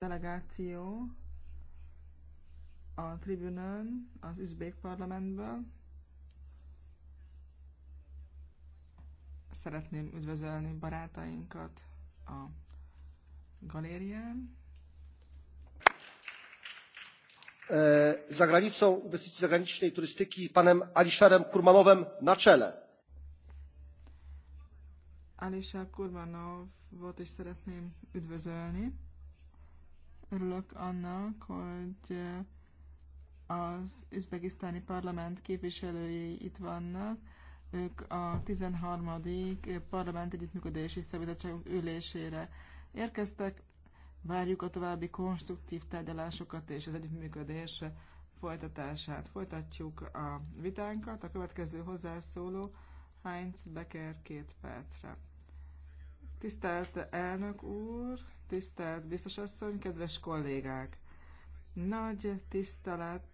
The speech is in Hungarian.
delegáció a tribünön, az üzbék parlamentből. Szeretném üdvözölni barátainkat a galérián. E, za granicą inwestycji zagranicznej turystyki panem Alisherem Kurmanowem na czele. Alisher Kurmanov volt is szeretném üdvözölni. Örülök annak, hogy eh, az üzbegisztáni parlament képviselői itt vannak. Ők a 13. parlament együttműködési szabizottságok ülésére érkeztek. Várjuk a további konstruktív tárgyalásokat és az együttműködés folytatását. Folytatjuk a vitánkat. A következő hozzászóló Heinz Becker két percre. Tisztelt elnök úr, tisztelt biztos asszony, kedves kollégák! Nagy tisztelet